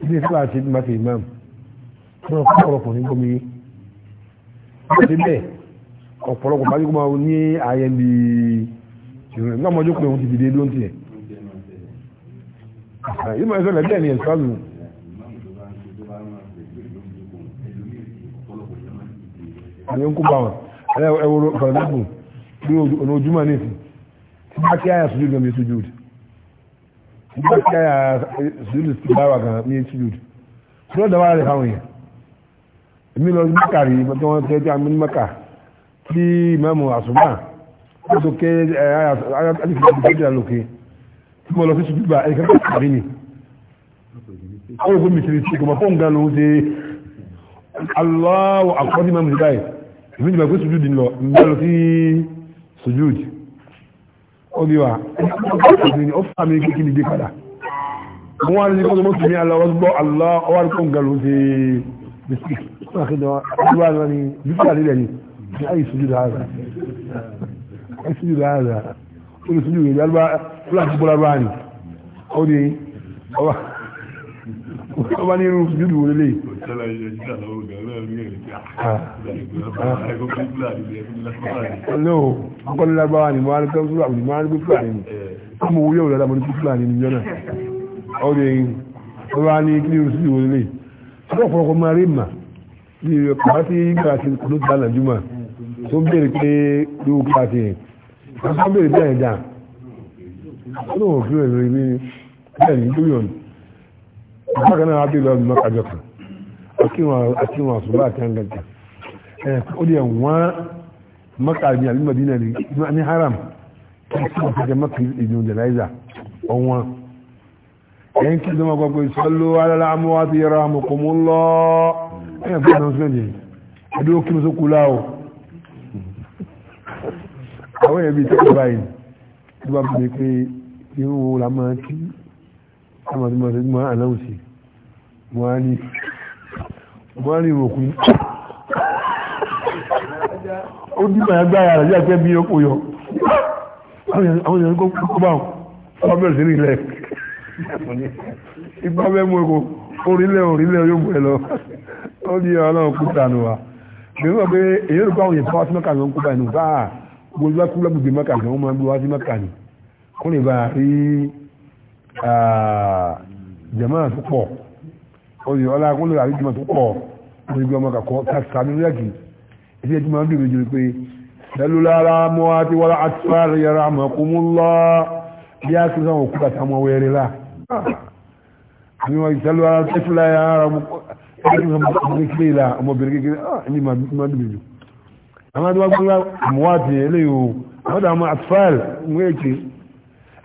ilé ìtura àti ìdímàtì imam tí wọ́n kọ́ ọ̀rọ̀kùn ní gómi láti bẹ́ẹ̀ ọ̀pọ̀lọpọ̀ bá yíkọ́ máa ní ni ń bi ìrìn náà mọ́jú pé òun ti dìde ló ń tiẹ̀ yìí máa ń sọ lẹ́gbẹ̀ẹ́ ní ẹ̀sọ́ àlù àyẹ̀wò ń kó bá wọn ẹ̀wọ̀n fàlẹ́ bí ojúmọ̀ ní ìsìn tí bá kí àyà sùjúdù gan mi sùjúdù tí bá kí àyà sùjúdù ti bá wà gan mi sùjúdù tí wọ́n dáwà rẹ̀ fáwọn èèyàn èmi lọ mẹ́kà rí tí wọ́n tẹ́ tí a mú ní mẹ́kà tí mẹ́mu àsùnmá ó tó ké àyà sùjúdù tó dìrà lókè tí mo lọ sí sùjúdù bá ẹ̀ka kàrí ni àwọn òkú mi ti kò mọ̀ fóun gan ló ń ṣe Allahu akbar mẹ́mu ti báyìí èmi ti bá gbé sùjúdù lọ mẹ́lọ sí sùjúdù obiwa ni ó fà mí kíkí ní dé padà wọ́n wá ní kọ́tọ̀ mọ́tò ní aláwọ́sgbọ́ aláwọ́ kọ́ nǹkan ló ṣe mistake wọ́n àkẹ́jọ wá lọ ní bíkà nílẹ̀ ni láì sójú dáadáa láì sójú dáadáa ó lè sójú rẹ̀ lálùbá fúlàṣí bọ́lá bá ní ó ní ọwọ́ ọba ní irú júdù wọlé lè ọkọ̀lẹ́lágbáwà ni máa ń gbé fúlàní máa ń gbé fúlàní ni ọmọ owó yóò lọ́dá mọ́ ní fúlàní ni jọ́nà ọdẹ ọba ní kí ní irú júdù wọlé lè ọlọ́pọ̀lọpọ̀ máa rí mà ní pàtí ìgbà àti ìlú dáná jùmọ̀ tó ń bèèrè pé lóò pàtí ẹ̀ haka nan abin da maka jaka a cikin wasu ba a can ganta kudiyan wa makami a madina ne ma ni haram kan su da kaje maka yi idon da laiza onwa yan ki zama gwagwai sallu ala al'amuwa fi rahmukumullah ɗaya fi nan su ne a dokin su kulawo àwọn ẹbí tó kọ báyìí tó bá bẹ̀rẹ̀ pé irú wo la ọmọdé mọ̀lẹ́ mọ́ ànáwùsì mọ́ á ní ìròkú ó dìbò agbára rẹ̀ yàtọ̀ bí ó kò yọ àwọn èèyàn kó kó bá wọn bẹ̀rẹ̀ sí nílẹ̀ igbá bẹ́ẹ̀ mú ẹ̀kọ́ orílẹ̀ orílẹ̀ yóò mú ẹ lọ ó ní ọlọ́run kú tànù wa gbẹ̀rù wà pé èyí ló bá àwọn èèyàn tó wá sí mọ́kà ló ń kó báyìí nù bá gbogbo akúlọ́gbùgbé mọ́kà ló ń máa gbé wá sí ni kó lè bá rí Ah, jẹ̀mọ́ tó pọ̀ oyè ọlá akúnlẹ̀ àbí jẹ̀mọ́ tó pọ̀ oyè gbé ọmọ kàkọ́ kásánú yàgì ìdí ẹjọ́ máa ń dùn méjì pé sẹlúlára mọ́ àti wọ́n àtúwárí yàrá àmọ́ kó mú lọ bí a sì sáwọn òkú àtàwọn wẹ̀rẹ̀ la àmì wọn sẹlúlára tẹ́tùlá yàrá ọmọbìnrin kékeré la ah, ọmọbìnrin kékeré ẹni máa dùn méjì àwọn àti wọn gbọ́dọ̀ àmọ́ àti eléyìí o àwọn àti wọn àtúwárí ń wé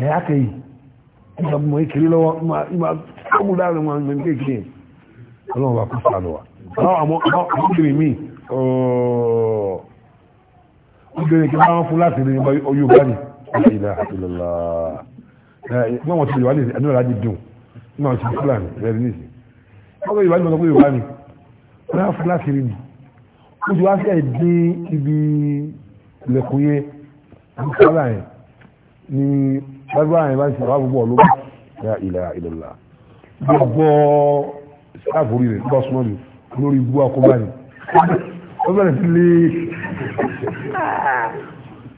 da ya kai ba mai kiri lawa ma kamu da ma mai kai kiri Allah ba ku sanuwa ba a mo a kiri mi o gbe ke ma fún láti ni ba oyu ba ni la ilaha illallah ma won ti wali anu la di dun ma ti plan ni gbàgbọ́ àyìn bá ń sọ̀rọ̀ àbúgbọ̀ ló bá ilẹ̀ ìlọ̀lá gbogbo sáfòrí rẹ̀ bá súnmọ́ mi lórí ibú akọ́bá ni ó bẹ̀rẹ̀ sí lé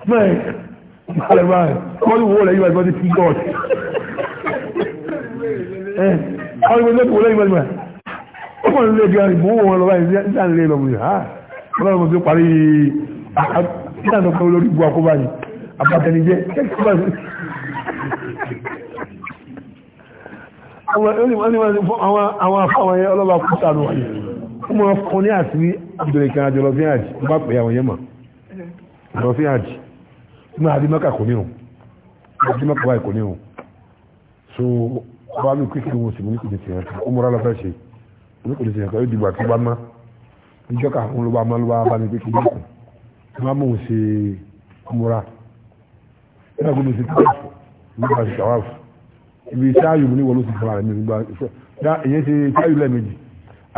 bẹ́ẹ̀ balẹ̀ báyìí wọ́n ní wọ́n lẹ́yìn báyìí wọ́n ti fi gọ́ọ̀tì ẹ̀ àwọn ìgbésẹ̀ tó wọ́n lẹ́yìn báyìí báyìí ó kàn lé gan ìbò wọn lọ báyìí nígbà ń lé lọ bùrẹ̀ ha ọlọ́run mo ti parí nígbà tó kọ́ lórí ibú akọ́bá ni àbàtẹnijẹ́ kẹ́kẹ́ báyìí àwọn afáwọn yẹn ọlọ́ba kú sànù wáyé ọmọ ọkùnrin ní àṣírí abdulkan ajọlọfin àjì bá pè àwọn yẹn mọ̀ àjì ní àdìmọ́kà kò ní o àdìmọ́kà wáyé kò ní o so ọba mi kí kí wọn sì mú ní kò ní tìyàn kan ó múra lọ fẹ́ ṣe ní kò ní tìyàn kan ó dìgbà tó bá má níjọ́ ká àwọn olùbá ní kù ní sí káàfù ní wọ́n ibi sáàyù ní wọ́n ló ti fara mi gbogbo iṣẹ́ dá ìyẹn ṣe sáàyù lẹ́ẹ̀mejì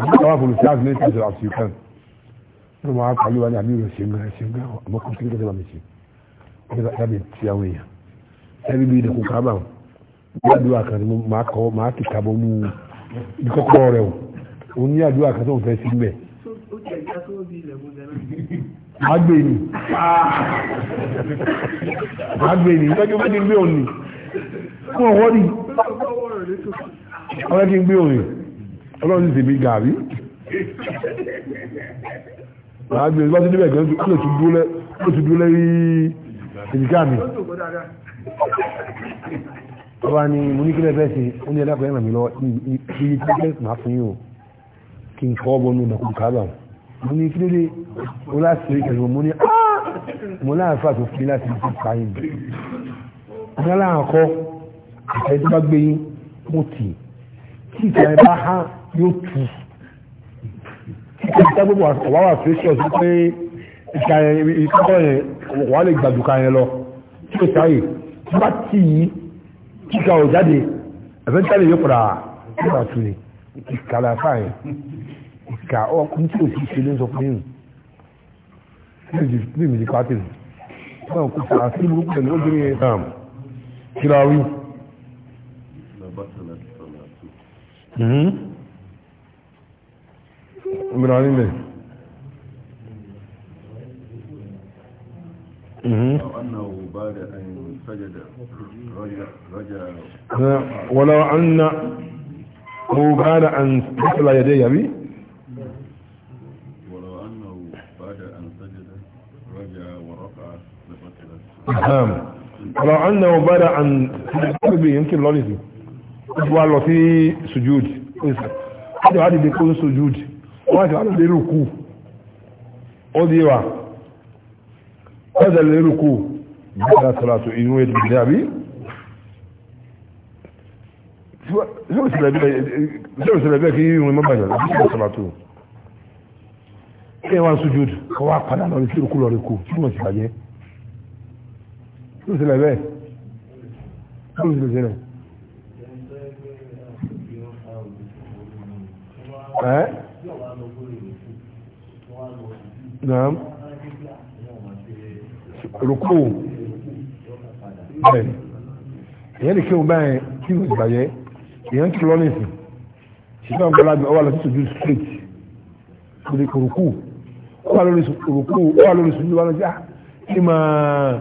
àbúrò àwọn olùsí àti ní ìtàṣẹ àti ìkan ní wọn kàlí wa ní àbí rẹ ṣe ń gbà ṣe ń gbà àmọ́ kò sí kẹsẹ̀ bàmí ṣe kẹsẹ̀ àbí ti àwọn èèyàn ẹbí bíi ìdẹ̀kùn kábà wọn ní àdúrà kan ní máa kọ máa kì kábọ̀ mú ibi kọ́kọ́ rẹ o òun ní àdúrà kan tó ń fẹ́ sí bẹ́ẹ̀. Má gbé e ni. Má gbé e ni. Ìtọ́jú bá ti gbé òun fún ọwọ́ rí ọwọ́ kí n gbé òrìn ọlọ́run ti mi gàrí láàbí ìgbà tó níbẹ̀ gan ló ti dúró lẹ́rí ìdíkà mi ọba ni mo ní kílẹ̀ fẹ́ẹ́ ṣe ó ní ẹ̀dàpọ̀ ẹ̀ràn mi lọ iye tí kílẹ̀ máa fún yín o kí n kọ́ bọ́nu ìdàkùn kábà mo ní kílẹ̀ dé mo láti ṣe ìkẹ̀lẹ̀ mo ní mo láàfà tó fi láti ṣe àgbàlá àkọ́ àtẹ̀yìn tó bá gbé yín mo tì tí ìtàn ẹ̀ bá há yóò tù ìtàn gbogbo àwa wà fẹ́ sọ̀tún pé ìtàn ìkọ́kọ́ yẹn wà lè gbàdúkà yẹn lọ tí ó sáyè tí bá tì yí kíkà ò jáde ẹ̀fẹ́ntàlẹ̀ yóò padà nígbà tún ni ìkà làáfà yẹn ìkà ọkùnrin tí ò sí ṣe ló ń sọ fún yìí ní ìmìlíkà tèmi báwọn kò fà á sí burúkú ẹ̀ ní ó dúró yẹn. kíláwí ìgbìnà nílẹ̀ ولو أن هو بعد أن غسل يديه بي ولو أنه بعد أن سجد رجع ورفع لبطلت ọ̀rọ̀ annáwó bára àn gbogbo èyí ń kí lọ́nà sí ó ti wá lọ sí sujud ó ti wá dìde kó ń sujud wọ́n ti wá lọ lérò kú ó di wa ó ti lérò kú bẹ́ẹ̀ sọ́làtò inú ètò ìdí àbí sọ́làtò bẹ́ẹ̀ kí irun mọ́ bàjẹ́ àbí sọ́làtò kí ẹ wá sujud kọ́ wá padà lọ sí rúkú lọ kú tí mo ti bàjẹ́ tó ṣẹlẹ̀ bẹ́ẹ̀ tó ṣẹlẹ̀ ṣẹlẹ̀. ẹ́ naam rukú bẹ́ẹ̀ ìyẹn lè kéwọn báyẹn kí ló gbàyẹ ìyẹn kí lọ nìsín ṣùgbọ́n àwọn ọmọláàbí ọwọ́ àlọ́ títí ju straight kò lè kò rukú ọwọ́ àlọ́ rẹ̀ sùn rukú ọwọ́ àlọ́ rẹ̀ sùn ní wàlọ́jà kí máa.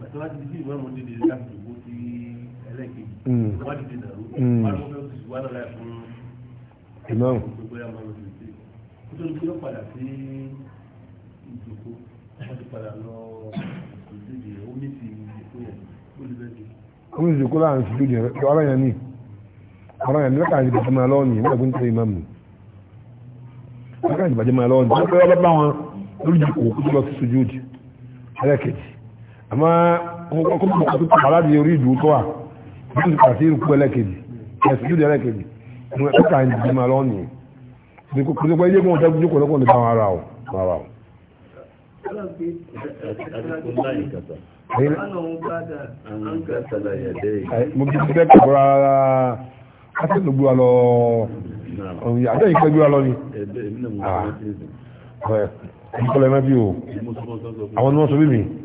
bàtà wá ti di sí ìwé ọmọdé di láti ìwó sí ẹlẹ́gbẹ̀ẹ́ wá ti di dàrú hmm. wá ló fẹ́ oṣù wá lọ́la fún ìmọ̀ràn gbogbo ẹ̀ máa lọ sí ìdí kó tó ní kí wọ́n padà sí ìdòkó wọ́n ti padà lọ ìdíje omi ti ìdòkó yẹn olùbẹ́jì. omi ti ìdòkó láàrin ìdòkó yẹn lọ ara yẹn ni ara yẹn ni lọ́kàn àti ìbàjẹ́ máa lọ́ọ̀nì nígbà tó ń tẹ̀lé ìmáàmù lọ́kàn àti ìbàjẹ́ máa lọ́ọ̀nì wọ́n pẹ́ ọlọ́pàá wọn lórí ìdòkó kó tó lọ sí sojúdì ẹlẹ́kẹ̀jì àmọ́ ọkùnrin kan tó pàlá di orí ìdúró tó wà bí ó kà sí irúkú ẹlẹ́kejì ẹ̀sìn ìdúró ẹlẹ́kejì ní ẹ̀ka ìdìmọ̀ lọ́nìí kò sí pé ilé kọ́ńtà jókòó lọ́kùnrin lè bá wọn ara o ara o. mo bí fẹ́ kọ̀ rárá kásẹ̀ ló gbúra lọ àjọ yìí pẹ́ gbúra lọ ni ẹ̀ẹ́dẹ́gbẹ̀rún ní ọmọ ọmọ tí ń sìn. ọ̀rẹ́ ìkọlẹ̀ mẹ́bí o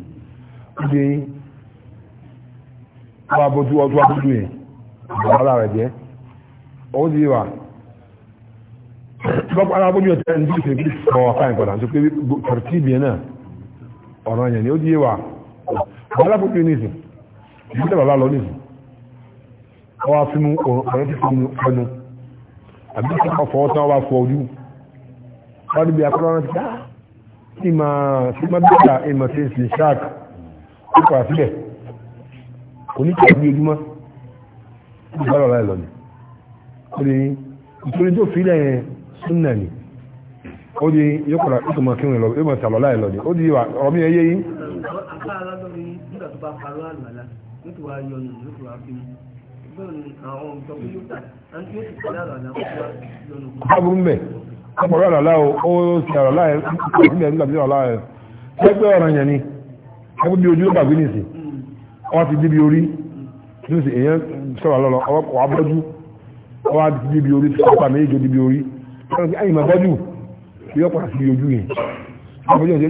ìdí wọ́n abójú ọdún abójú yẹn ìgbàlá rẹ̀ jẹ́ ó sì wà lọ́pọ̀ ara abójú ọ̀tẹ́ ní ìṣẹ́ kí sọ àfáàyàn padà tó pé kẹrìtì ìbìyẹn náà ọ̀rọ̀ yẹn ni ó di wà ìgbàlá abójú yẹn nìsín ìdí tẹ̀ bàbá lọ nìsín wọ́n á fínú ọ̀rẹ́ ti fínú ẹnu àbí kí wọ́n fọwọ́ tán wọ́n bá fọ ojú wọ́n á níbi akọ́lọ́rọ́ ti dá ìmọ̀ sí mọ́bíyà ìmọ̀ sí ìsìn ṣáàkì ó padà síbẹ̀ kò ní kàwé ojúmọ́ ó bá lọ́la ìlọ́ni ó di ìtòrí tó fi lẹ́yìn súnà ni ó di yóò padà ó tó máa yóò máa tà lọ́la ó di ọ̀rọ̀ mi ẹ yé yín. apá alágbèrè nígbà àlàlá o, ó ti àlàlá ẹ̀ nígbà tí àlàlá ẹ̀. Ẹgbẹ́ ọ̀rọ̀ yẹn ni, ẹgbẹ́ bí ojú ló gbàgbé ọwọ́ hmm. ti débi orí ní èèyàn sọ̀rọ̀ lọ́lọ́ ọwọ́ abọ́jú ọwọ́ ti débi orí tí ọ̀pá méjì débi orí ẹ̀yìn bọ́jú yóò padà sí ojú yìí ojú gẹ̀dọ́ orí ó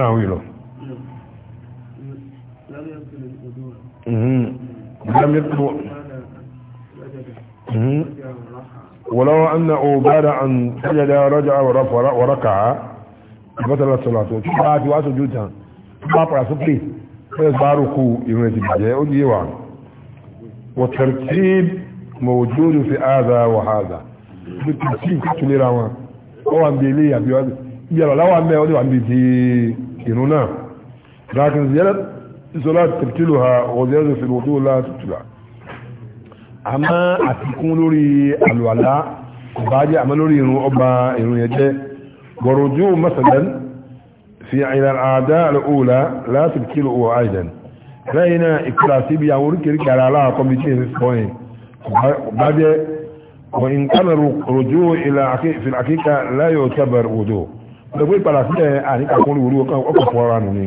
di náà kí lọ. Hmm. لم يطلع ولو أن بعد أن سجد رجع ورفع وركع بطل الصلاة شفاعة وسجودها بابا سكري فيزباركوا يمنتي بجاء ديوان والترتيب موجود في هذا وهذا بالترتيب كتلي راما هو عم بيلي يلا لو عم بيقولي وان بيتي ينونا لكن زيادة ìsọlá tẹ̀tìlù ha ọ̀dẹ́rẹ́ fi wọ́n tó lá tẹ̀tìlù àmọ́ àfikún lórí àlùwàlá ọ̀bájẹ́ àmọ́ lórí irun ọba irun yẹn jẹ́ gọ̀rọ̀jú masalan fi àìlà àdá àlùkòlá láti tẹ̀tìlù ọ̀ àìdàn lẹ́yìn náà ìkúra síbi àwọn oríkèéríkè ara aláàkọ́mi tí èmi sọ yẹn ọ̀bájẹ́ وإن كان رجوع إلى في الحقيقة لا يعتبر وضوء. لو قلت على كده يعني أكون وضوء أكون فورانوني.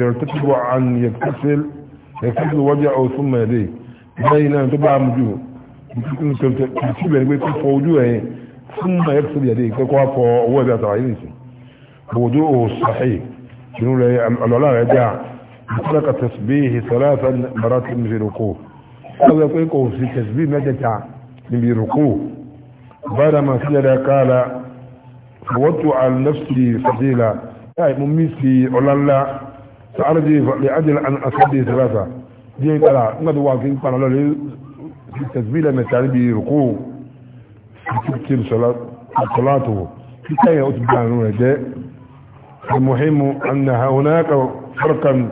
يرتكب عن يكتسل يكتسل وجهه ثم يديه بين تبع مجوه ترتيب يعني كيف وجوه ثم يغسل يديه كيف هو ذات عينيه وجوه الصحيح شنو لا العلاء رجع بطريقة تسبيه ثلاثا مرات من في ركوع هذا يطلقه في تسبيه ما من في ركوع بعدما سجد قال فوضت عن نفسي فضيلة أي مميسي أولالا سأرجي لأجل أن أصلي ثلاثة دي قال نقد واقعين قال له في تسبيل مثالي بركوع تكتب صلاة صلاته في كي أتبعنا المهم أن هناك فرقا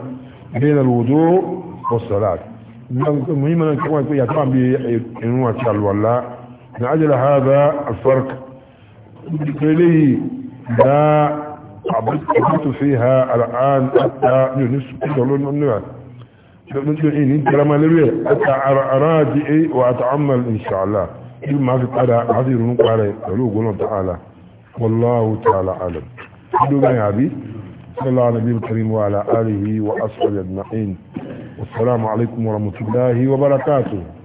بين الوضوء والصلاة المهم أن كمان يتبع بإنوة الولاء من أجل هذا الفرق لي لا عبدت فيها الآن حتى حتى أراجع وأتعمل إن شاء الله ما في قدع عذير نقال يقولون تعالى والله تعالى أعلم حدوما يا أبي صلى الله على نبي الكريم وعلى آله وأصحابه أجمعين والسلام عليكم ورحمة الله وبركاته